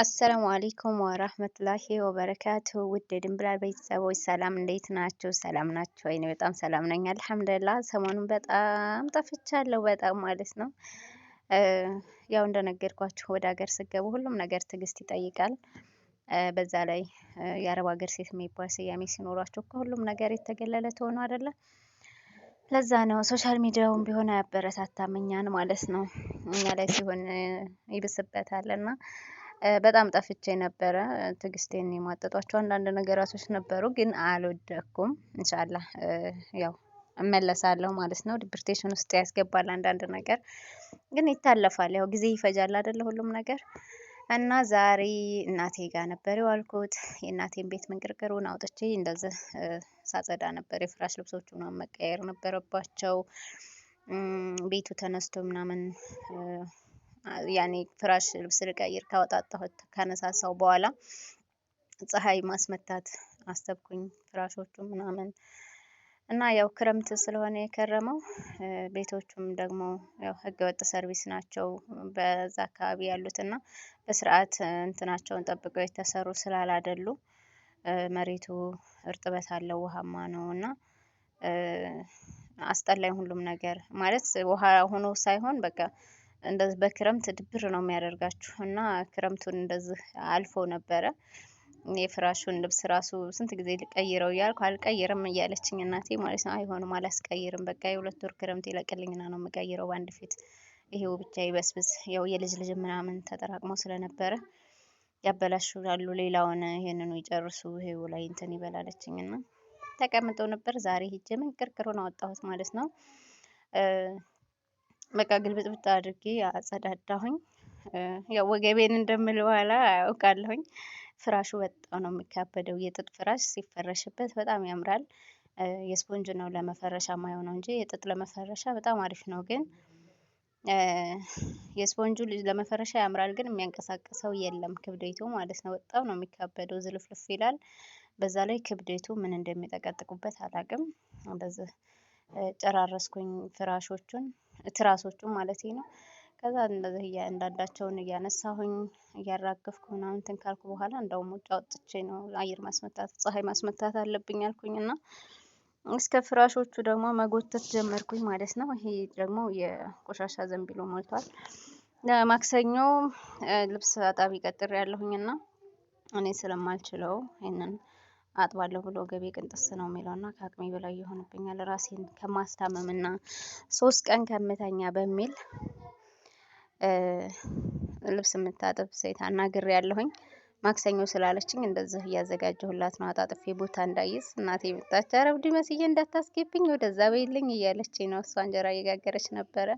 አሰላሙ አሌይኩም ወራህመቱላሂ ወበረካቱ ውድ የድንብላል ቤተሰቦች ሰላም እንዴት ናችሁ? ሰላም ናችሁ? እኔ በጣም ሰላም ነኝ አልሐምዱሊላህ። ሰሞኑን በጣም ጠፍቻለሁ፣ በጣም ማለት ነው። ያው እንደነገርኳችሁ ወደ ሀገር ስገቡ ሁሉም ነገር ትዕግስት ይጠይቃል። በዛ ላይ የአረብ ሀገር ሴት የሚባል ስያሜ ሲኖሯችሁ ከሁሉም ነገር የተገለለ ትሆኑ አይደለ? ለዛ ነው ሶሻል ሚዲያውን ቢሆን አያበረታታም እኛን ማለት ነው። እኛ ላይ ሲሆን ይብስበታል እና በጣም ጠፍቼ ነበረ። ትግስቴን የማጠጧቸው አንዳንድ ነገራቶች ነበሩ፣ ግን አልወደኩም። እንሻላ ያው እመለሳለሁ ማለት ነው። ዲፕርቴሽን ውስጥ ያስገባል አንዳንድ ነገር፣ ግን ይታለፋል። ያው ጊዜ ይፈጃል አይደለ? ሁሉም ነገር እና ዛሬ እናቴ ጋር ነበር የዋልኩት። የእናቴን ቤት መንቅርቅሩን አውጥቼ እንደዚህ ሳጸዳ ነበር። የፍራሽ ልብሶቹ ምናምን መቀየር ነበረባቸው። ቤቱ ተነስቶ ምናምን ያኔ ፍራሽ ልብስ ልቀይር ካወጣጣሁት ከነሳሳው በኋላ ፀሐይ ማስመታት አሰብኩኝ ፍራሾቹ ምናምን እና ያው ክረምት ስለሆነ የከረመው ቤቶቹም ደግሞ ያው ህገወጥ ሰርቪስ ናቸው በዛ አካባቢ ያሉት እና በስርዓት እንትናቸውን ጠብቀው የተሰሩ ስላላደሉ መሬቱ እርጥበት አለው፣ ውሃማ ነው እና አስጠላኝ ሁሉም ነገር ማለት ውሃ ሆኖ ሳይሆን በቃ እንደዚህ በክረምት ድብር ነው የሚያደርጋችሁ እና ክረምቱን እንደዚህ አልፎ ነበረ። የፍራሹን ልብስ ራሱ ስንት ጊዜ ልቀይረው እያልኩ አልቀይርም እያለችኝ እናቴ ማለት ነው። አይሆንም አላስቀይርም፣ በቃ የሁለት ወር ክረምት ይለቅልኝና ነው የምቀይረው በአንድ ፊት። ይሄው ብቻ ይበስብስ። ያው የልጅ ልጅ ምናምን ተጠራቅመው ስለነበረ ያበላሹላሉ፣ ሌላውን ይህንኑ ይጨርሱ፣ ይሄው ላይ እንትን ይበላለችኝና ተቀምጠው ነበር። ዛሬ ሂጄ ምን ቅርቅሩን አወጣሁት ማለት ነው። በቃ ግልብጥብጥ አድርጌ አጸዳዳሁኝ። ያው ወገቤን እንደምል በኋላ አውቃለሁኝ። ፍራሹ በጣም ነው የሚካበደው። የጥጥ ፍራሽ ሲፈረሽበት በጣም ያምራል። የስፖንጅ ነው ለመፈረሻ ማይሆነው እንጂ የጥጥ ለመፈረሻ በጣም አሪፍ ነው። ግን የስፖንጁ ለመፈረሻ ያምራል፣ ግን የሚያንቀሳቅሰው የለም። ክብደቱ ማለት ነው። በጣም ነው የሚካበደው። ዝልፍልፍ ይላል። በዛ ላይ ክብደቱ ምን እንደሚጠቀጥቁበት አላቅም። እንደዚህ ጨራረስኩኝ ፍራሾቹን። ትራሶቹ ማለት ነው። ከዛ እንደዚህ እያንዳንዳቸውን እያነሳሁኝ እያራገፍኩ ምናምን እንትን ካልኩ በኋላ እንደውም ውጭ አውጥቼ ነው አየር ማስመታት ፀሐይ ማስመታት አለብኝ አልኩኝ እና እስከ ፍራሾቹ ደግሞ መጎተት ጀመርኩኝ ማለት ነው። ይሄ ደግሞ የቆሻሻ ዘንቢሎ ሞልቷል። ማክሰኞ ልብስ አጣቢ ቀጥሬ ያለሁኝ እና እኔ ስለማልችለው ይህንን አጥባለሁ ብሎ ገቢ ቅንጥስ ነው የሚለው እና ከአቅሜ በላይ ይሆንብኛል ራሴን ከማስታመም እና ሶስት ቀን ከምተኛ በሚል ልብስ የምታጥብ ሴት አናግሬ ያለሁኝ ማክሰኞ ስላለችኝ እንደዚህ እያዘጋጀሁላት ነው። አጣጥፌ ቦታ እንዳይዝ እናቴ መጣች። ኧረ እብድ መስዬ ወደዛ በይልኝ እያለች ነው። እሷ እንጀራ እየጋገረች ነበረ።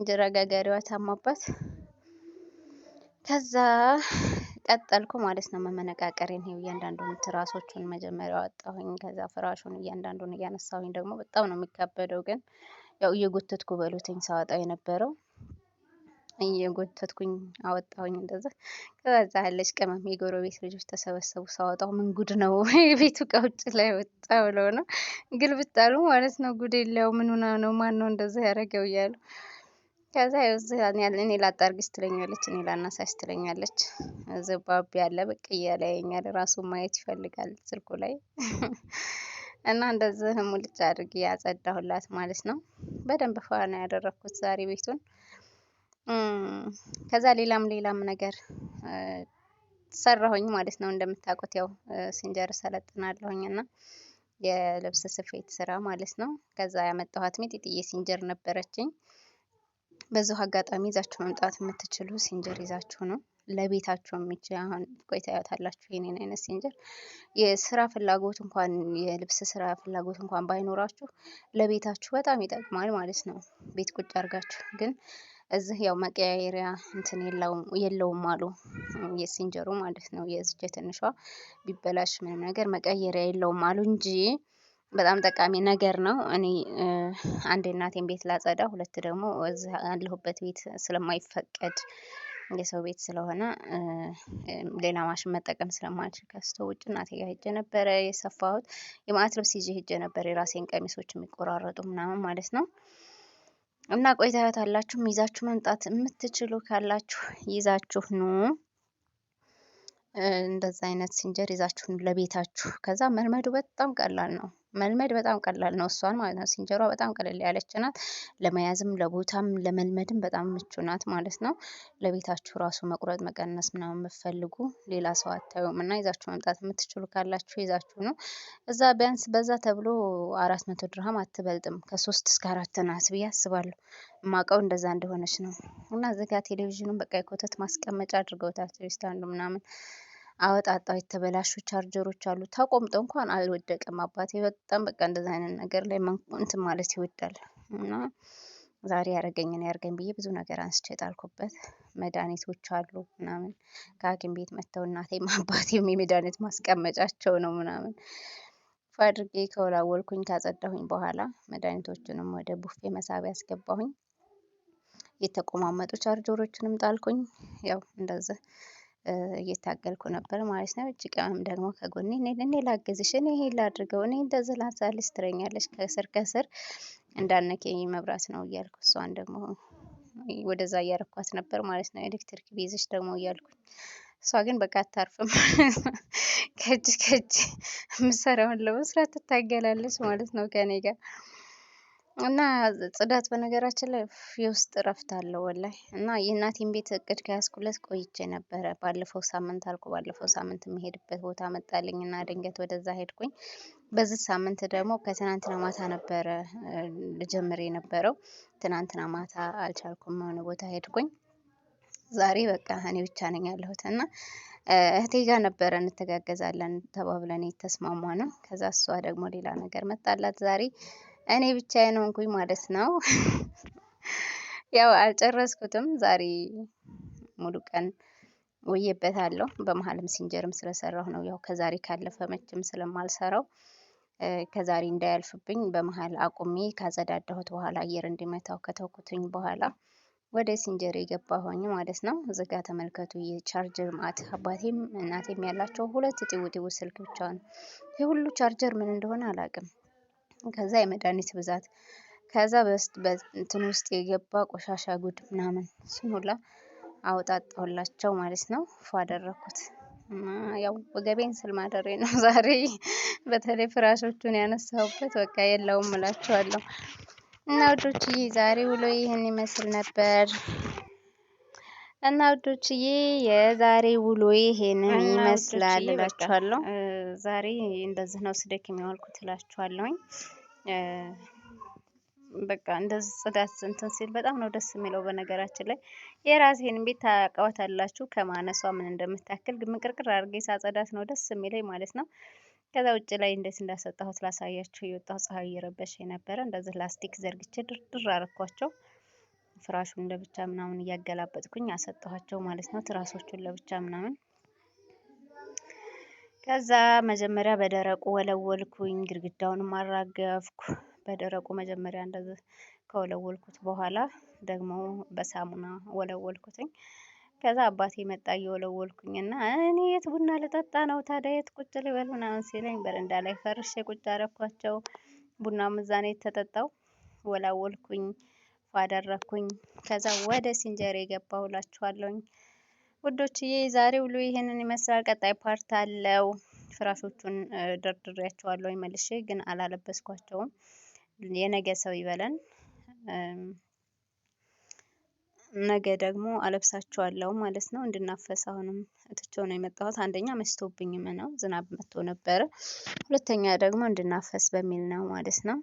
እንጀራ ጋጋሪዋ ታማባት ከዛ ቀጠልኩ ማለት ነው መመነቃቀሬን። ይኸው እያንዳንዱን ትራሶቹን መጀመሪያ አወጣሁኝ፣ ከዛ ፍራሹን እያንዳንዱን እያነሳሁኝ ደግሞ በጣም ነው የሚካበደው፣ ግን ያው እየጎተትኩ በሉትኝ ሳወጣው የነበረው እየጎተትኩኝ አወጣሁኝ እንደዛ። ከዛ ያለች ቅመም የጎረቤት ልጆች ተሰበሰቡ። ሳወጣው ምን ጉድ ነው የቤቱ ቀውጭ ላይ ወጣ ብለው ነው ግልብጣሉ ማለት ነው። ጉድ የለው ምን ነው ማን ነው እንደዛ ያደረገው እያሉ ከዛ ያለ እኔ ላጣርግ ስትለኛለች፣ እኔ ላናሳሽ ትለኛለች። ዝባብ ያለ ብቅ እያለ ያየኛል፣ ራሱ ማየት ይፈልጋል ስልኩ ላይ እና እንደዚህ ሙልጭ አድርግ ያጸዳሁላት ማለት ነው። በደንብ ፏ ነው ያደረኩት ዛሬ ቤቱን። ከዛ ሌላም ሌላም ነገር ሰራሁኝ ማለት ነው። እንደምታውቁት ያው ሲንጀር ሰለጥናለሁኝ እና የልብስ ስፌት ስራ ማለት ነው። ከዛ ያመጣኋት ሚጢጥዬ ሲንጀር ነበረችኝ። በዛው አጋጣሚ ይዛችሁ መምጣት የምትችሉ ሲንጀር ይዛችሁ ነው ለቤታችሁ የሚችል አሁን ቆይታ ያታላችሁ ይህንን አይነት ሲንጀር የስራ ፍላጎት እንኳን የልብስ ስራ ፍላጎት እንኳን ባይኖራችሁ ለቤታችሁ በጣም ይጠቅማል ማለት ነው። ቤት ቁጭ አድርጋችሁ ግን እዚህ ያው መቀያየሪያ እንትን የለውም አሉ የሲንጀሩ ማለት ነው። የዝቼ ትንሿ ቢበላሽ ምንም ነገር መቀየሪያ የለውም አሉ እንጂ በጣም ጠቃሚ ነገር ነው። እኔ አንድ እናቴን ቤት ላጸዳ፣ ሁለት ደግሞ እዚህ ያለሁበት ቤት ስለማይፈቀድ የሰው ቤት ስለሆነ ሌላ ማሽን መጠቀም ስለማልችል ከስቶ ውጭ እናቴ ጋር ሄጄ ነበረ የሰፋሁት። የማአት ልብስ ይዤ ሄጄ ነበር፣ የራሴን ቀሚሶች የሚቆራረጡ ምናምን ማለት ነው። እና ቆይታያት አላችሁም ይዛችሁ መምጣት የምትችሉ ካላችሁ ይዛችሁ ኑ። እንደዛ አይነት ሲንጀር ይዛችሁ ለቤታችሁ። ከዛ መልመዱ በጣም ቀላል ነው። መልመድ በጣም ቀላል ነው። እሷን ማለት ነው ሲንጀሯ በጣም ቀለል ያለች ናት። ለመያዝም ለቦታም ለመልመድም በጣም ምቹ ናት ማለት ነው። ለቤታችሁ ራሱ መቁረጥ መቀነስ ምናምን የምትፈልጉ ሌላ ሰው አታዩም እና ይዛችሁ መምጣት የምትችሉ ካላችሁ ይዛችሁ ነው። እዛ ቢያንስ በዛ ተብሎ አራት መቶ ድርሃም አትበልጥም። ከሶስት እስከ አራት ናት ብዬ አስባለሁ። ማቀው እንደዛ እንደሆነች ነው። እና እዚጋ ቴሌቪዥኑን በቃ የኮተት ማስቀመጫ አድርገውታል ስታንዱ ምናምን አወጣጣው የተበላሹ ቻርጀሮች አሉ። ተቆምጦ እንኳን አልወደቀም። አባቴ በጣም በቃ እንደዚ አይነት ነገር ላይ እንትን ማለት ይወዳል እና ዛሬ ያደረገኝን ያርገኝ ብዬ ብዙ ነገር አንስቼ ጣልኩበት። መድኃኒቶች አሉ ምናምን ከሐኪም ቤት መጥተው እናቴም አባቴም የመድኃኒት ማስቀመጫቸው ነው ምናምን አድርጌ ከወላወልኩኝ ካጸዳሁኝ በኋላ መድኃኒቶቹንም ወደ ቡፌ መሳቢያ አስገባሁኝ። የተቆማመጡ ቻርጀሮችንም ጣልኩኝ። ያው እንደዚህ እየታገልኩ ነበር ማለት ነው። እጅጋም ደግሞ ከጎኔ እኔ ላገዝሽ እኔ ይሄን ላድርገው፣ እኔ እንደዚህ ላንሳልሽ ትለኛለች። ከስር ከስር እንዳነኬኝ መብራት ነው እያልኩ እሷን ደግሞ ወደዛ እያረኳት ነበር ማለት ነው። ኤሌክትሪክ ቤዝሽ ደግሞ እያልኩኝ እሷ ግን በቃ አታርፍም። ከእጅ ከእጅ የምሰራውን ለመስራት ትታገላለች ማለት ነው ከኔ ጋር እና ጽዳት በነገራችን ላይ የውስጥ እረፍት አለው ወላሂ። እና የእናቴን ቤት እቅድ ከያዝኩለት ቆይቼ ነበረ። ባለፈው ሳምንት አልኩ። ባለፈው ሳምንት የሚሄድበት ቦታ መጣልኝ እና ድንገት ወደዛ ሄድኩኝ። በዚህ ሳምንት ደግሞ ከትናንትና ማታ ነበረ ልጀምር የነበረው። ትናንትና ማታ አልቻልኩም፣ የሆነ ቦታ ሄድኩኝ። ዛሬ በቃ እኔ ብቻ ነኝ ያለሁት እና እህቴ ጋር ነበረ እንተጋገዛለን ተባብለን የተስማማ ነው። ከዛ እሷ ደግሞ ሌላ ነገር መጣላት ዛሬ እኔ ብቻዬን ሆንኩኝ ማለት ነው። ያው አልጨረስኩትም። ዛሬ ሙሉ ቀን ውዬበታለሁ። በመሀልም ሲንጀርም ስለሰራሁ ነው። ያው ከዛሬ ካለፈ መቼም ስለማልሰራው ከዛሬ እንዳያልፍብኝ በመሀል አቁሜ ካጸዳዳሁት በኋላ አየር እንዲመታው ከተውኩትኝ በኋላ ወደ ሲንጀር የገባሁኝ ማለት ነው። ዝጋ ተመልከቱ። የቻርጀር ማት አባቴም እናቴም ያላቸው ሁለት ጢው ጢው ስልክ ብቻ ነው። የሁሉ ቻርጀር ምን እንደሆነ አላውቅም። ከዛ የመድኃኒት ብዛት ከዛ በእንትን ውስጥ የገባ ቆሻሻ ጉድ ምናምን ሲሞላ አወጣጣሁላቸው ማለት ነው። ፎ አደረኩት። ያው ወገቤን ስል ማደሬ ነው ዛሬ በተለይ ፍራሾቹን ያነሳሁበት በቃ የለውም እላቸዋለሁ። እና ይህ ዛሬ ውሎ ይህን ይመስል ነበር። እና ውዶችዬ የዛሬ ውሎ ይሄንን ይመስላል እላችኋለሁ። ዛሬ እንደዚህ ነው ስደክ የሚዋልኩት እላችኋለሁኝ። በቃ እንደዚህ ጽዳት እንትን ሲል በጣም ነው ደስ የሚለው። በነገራችን ላይ የራሴን ቤት ታውቃዋታላችሁ፣ ከማነሷ ምን እንደምታክል ምቅርቅር አድርጌ ሳጸዳት ነው ደስ የሚለኝ ማለት ነው። ከዛ ውጭ ላይ እንዴት እንዳሰጣሁት ላሳያችሁ። የወጣው ፀሐይ እየረበሸ የነበረ እንደዚህ ላስቲክ ዘርግቼ ድርድር አረኳቸው። ፍራሹን ለብቻ ምናምን እያገላበጥኩኝ አሰጠኋቸው ማለት ነው። ትራሶቹን ለብቻ ምናምን። ከዛ መጀመሪያ በደረቁ ወለወልኩኝ፣ ግድግዳውን ማራገፍኩ በደረቁ መጀመሪያ እንደ ከወለወልኩት በኋላ ደግሞ በሳሙና ወለወልኩትኝ። ከዛ አባቴ መጣ እየወለወልኩኝ እና እኔ የት ቡና ልጠጣ ነው ታዲያ የት ቁጭ ልበል ምናምን ሲለኝ በረንዳ ላይ ፈርሼ ቁጭ አረኳቸው። ቡና ምዛኔ የተጠጣው ወላወልኩኝ። አደረግኩኝ። ከዛ ወደ ሲንጀር የገባሁላችኋለሁኝ ውዶችዬ። ዛሬ ውሎ ይህንን ይመስላል። ቀጣይ ፓርት አለው። ፍራሾቹን ደርድሬያቸዋለሁኝ መልሼ፣ ግን አላለበስኳቸውም። የነገ ሰው ይበለን። ነገ ደግሞ አለብሳቸዋለሁ ማለት ነው። እንድናፈስ አሁንም እትቼው ነው የመጣሁት። አንደኛ መስቶብኝም ነው ዝናብ መጥቶ ነበረ። ሁለተኛ ደግሞ እንድናፈስ በሚል ነው ማለት ነው።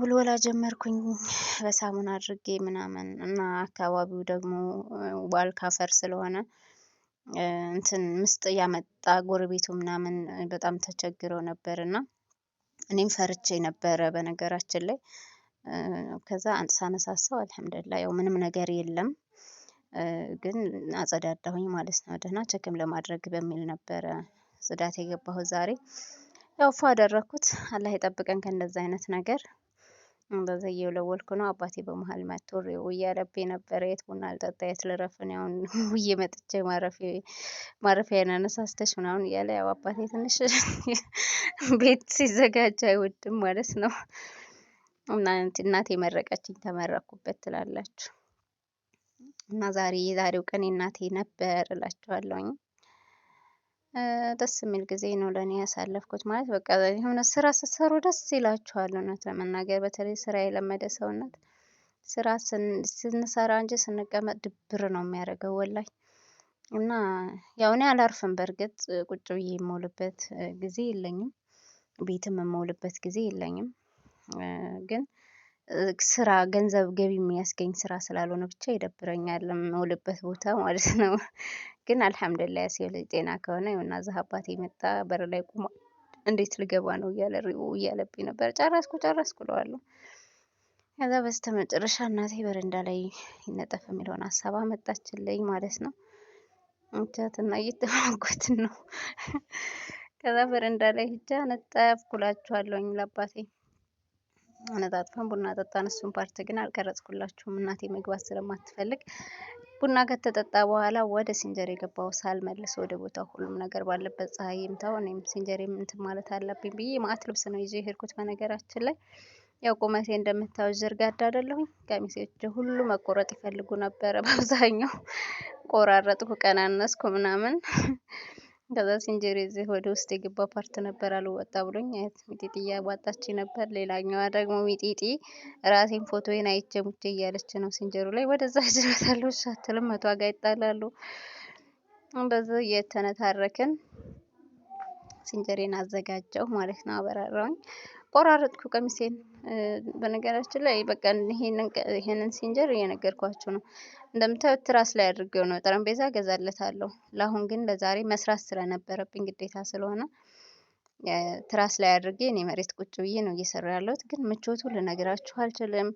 ውልወላ ጀመርኩኝ በሳሙና አድርጌ ምናምን እና አካባቢው ደግሞ ዋልካፈር ስለሆነ እንትን ምስጥ ያመጣ ጎረቤቱ ምናምን በጣም ተቸግረው ነበር እና እኔም ፈርቼ ነበረ በነገራችን ላይ ከዛ ሳነሳሳው አልሐምዱሊላ ያው ምንም ነገር የለም ግን አጸዳዳሁኝ ማለት ነው ደህና ቸክም ለማድረግ በሚል ነበረ ጽዳት የገባሁት ዛሬ ያው ፎ አደረግኩት አላህ የጠብቀን ከእንደዛ አይነት ነገር በዛ እየወለወልኩ ነው። አባቴ በመሀል መጥቶ ሬው እያለብ የነበረ የት ቡና አልጠጣ የት ልረፍን ያሁን ውዬ መጥቼ ማረፊያን አነሳስተሽ ምናምን እያለ ያው አባቴ ትንሽ ቤት ሲዘጋጅ አይወድም ማለት ነው። እናቴ መረቀችኝ ተመረኩበት ትላላችሁ እና ዛሬ የዛሬው ቀን እናቴ ነበር እላችኋለሁኝ። ደስ የሚል ጊዜ ነው ለእኔ ያሳለፍኩት። ማለት በቃ የሆነ ስራ ስትሰሩ ደስ ይላችኋል። እውነት ለመናገር በተለይ ስራ የለመደ ሰውነት ስራ ስንሰራ እንጂ ስንቀመጥ ድብር ነው የሚያደርገው ወላይ እና ያው እኔ አላርፍም በእርግጥ ቁጭ ብዬ የምውልበት ጊዜ የለኝም። ቤትም የምውልበት ጊዜ የለኝም። ግን ስራ ገንዘብ ገቢ የሚያስገኝ ስራ ስላልሆነ ብቻ ይደብረኛል የምውልበት ቦታ ማለት ነው። ግን አልሐምዱላ የሰው ልጅ ጤና ከሆነ ይሁና እዛ አባቴ መጣ በር ላይ ቁሞ እንዴት ልገባ ነው እያለ ሪኡ እያለብኝ ነበር። ጨረስኩ ጨረስኩ እለዋለሁ። ከዛ በስተ መጨረሻ እናቴ በረንዳ ላይ ይነጠፍ የሚለውን ሀሳብ አመጣችልኝ ማለት ነው። እንቻትና እየተመጎትን ነው። ከዛ በረንዳ ላይ ሂጃ ነጠፍኩላችኋለሁኝ ለአባቴ አነጣጥፈን ቡና ጠጣን። እሱን ፓርት ግን አልቀረጽኩላችሁም፣ እናቴ መግባት ስለማትፈልግ። ቡና ከተጠጣ በኋላ ወደ ሲንጀር የገባው ሳልመልስ ወደ ቦታ ሁሉም ነገር ባለበት ፀሐይ ይምታው፣ እኔም ሲንጀር እንትን ማለት አለብኝ ብዬ ማአት ልብስ ነው ይዞ የሄድኩት። በነገራችን ላይ ያው ቁመቴ እንደምታዩ ዝርጋዳ አይደለሁም። ቀሚሶች ሁሉ መቆረጥ ይፈልጉ ነበረ። በአብዛኛው ቆራረጥኩ፣ ቀናነስኩ ምናምን ከዛ ሲንጀር እዚህ ወደ ውስጥ የገባ ፓርት ነበር አልወጣ ብሎኝ አያት ሚጢጢ እያዋጣች ነበር። ሌላኛዋ ደግሞ ሚጢጢ ራሴን ፎቶዬን አይቼ ሙቼ እያለች ነው። ሲንጀሩ ላይ ወደዛ ጅረታሉ ሻትልም መቶ ዋጋ ይጣላሉ። በዚህ እየተነታረክን ሲንጀሬን አዘጋጀው ማለት ነው። አበራራውኝ ቆራረጥኩ ቀሚሴን። በነገራችን ላይ በቃ ይሄንን ሲንጀር እየነገርኳችሁ ነው። እንደምታዩት ትራስ ላይ አድርገው ነው ጠረጴዛ እገዛለታለሁ። ለአሁን ግን ለዛሬ መስራት ስለነበረብኝ ግዴታ ስለሆነ ትራስ ላይ አድርጌ እኔ መሬት ቁጭ ብዬ ነው እየሰራሁ ያለሁት። ግን ምቾቱ ልነግራችሁ አልችልም።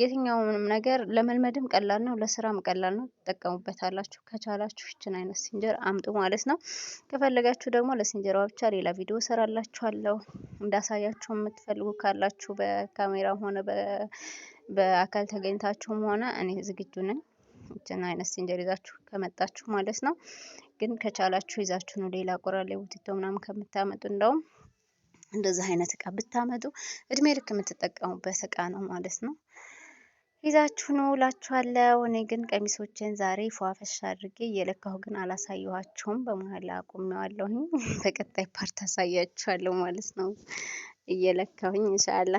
የትኛውንም ነገር ለመልመድም ቀላል ነው፣ ለስራም ቀላል ነው። ትጠቀሙበታላችሁ ከቻላችሁ ይችን አይነት ሲንጀር አምጡ ማለት ነው። ከፈለጋችሁ ደግሞ ለሲንጀራዋ ብቻ ሌላ ቪዲዮ አለው እንዳሳያችሁ የምትፈልጉ ካላችሁ በካሜራ ሆነ በአካል ተገኝታችሁም ሆነ እኔ ዝግጁ ነኝ። ይችን አይነት ሲንጀር ይዛችሁ ከመጣችሁ ማለት ነው። ግን ከቻላችሁ ይዛችሁ ነው ሌላ ቆራሌ ቡቲቶ ምናምን ከምታመጡ እንደውም እንደዚህ አይነት እቃ ብታመጡ እድሜ ልክ የምትጠቀሙበት እቃ ነው ማለት ነው። ይዛችሁ ነው እላችኋለሁ። እኔ ግን ቀሚሶችን ዛሬ ፏፈሽ አድርጌ እየለካሁ ግን አላሳየኋቸውም። በመሀል አቁሜዋለሁኝ። በቀጣይ ፓርት አሳያችኋለሁ ማለት ነው። እየለካሁኝ እንሻላ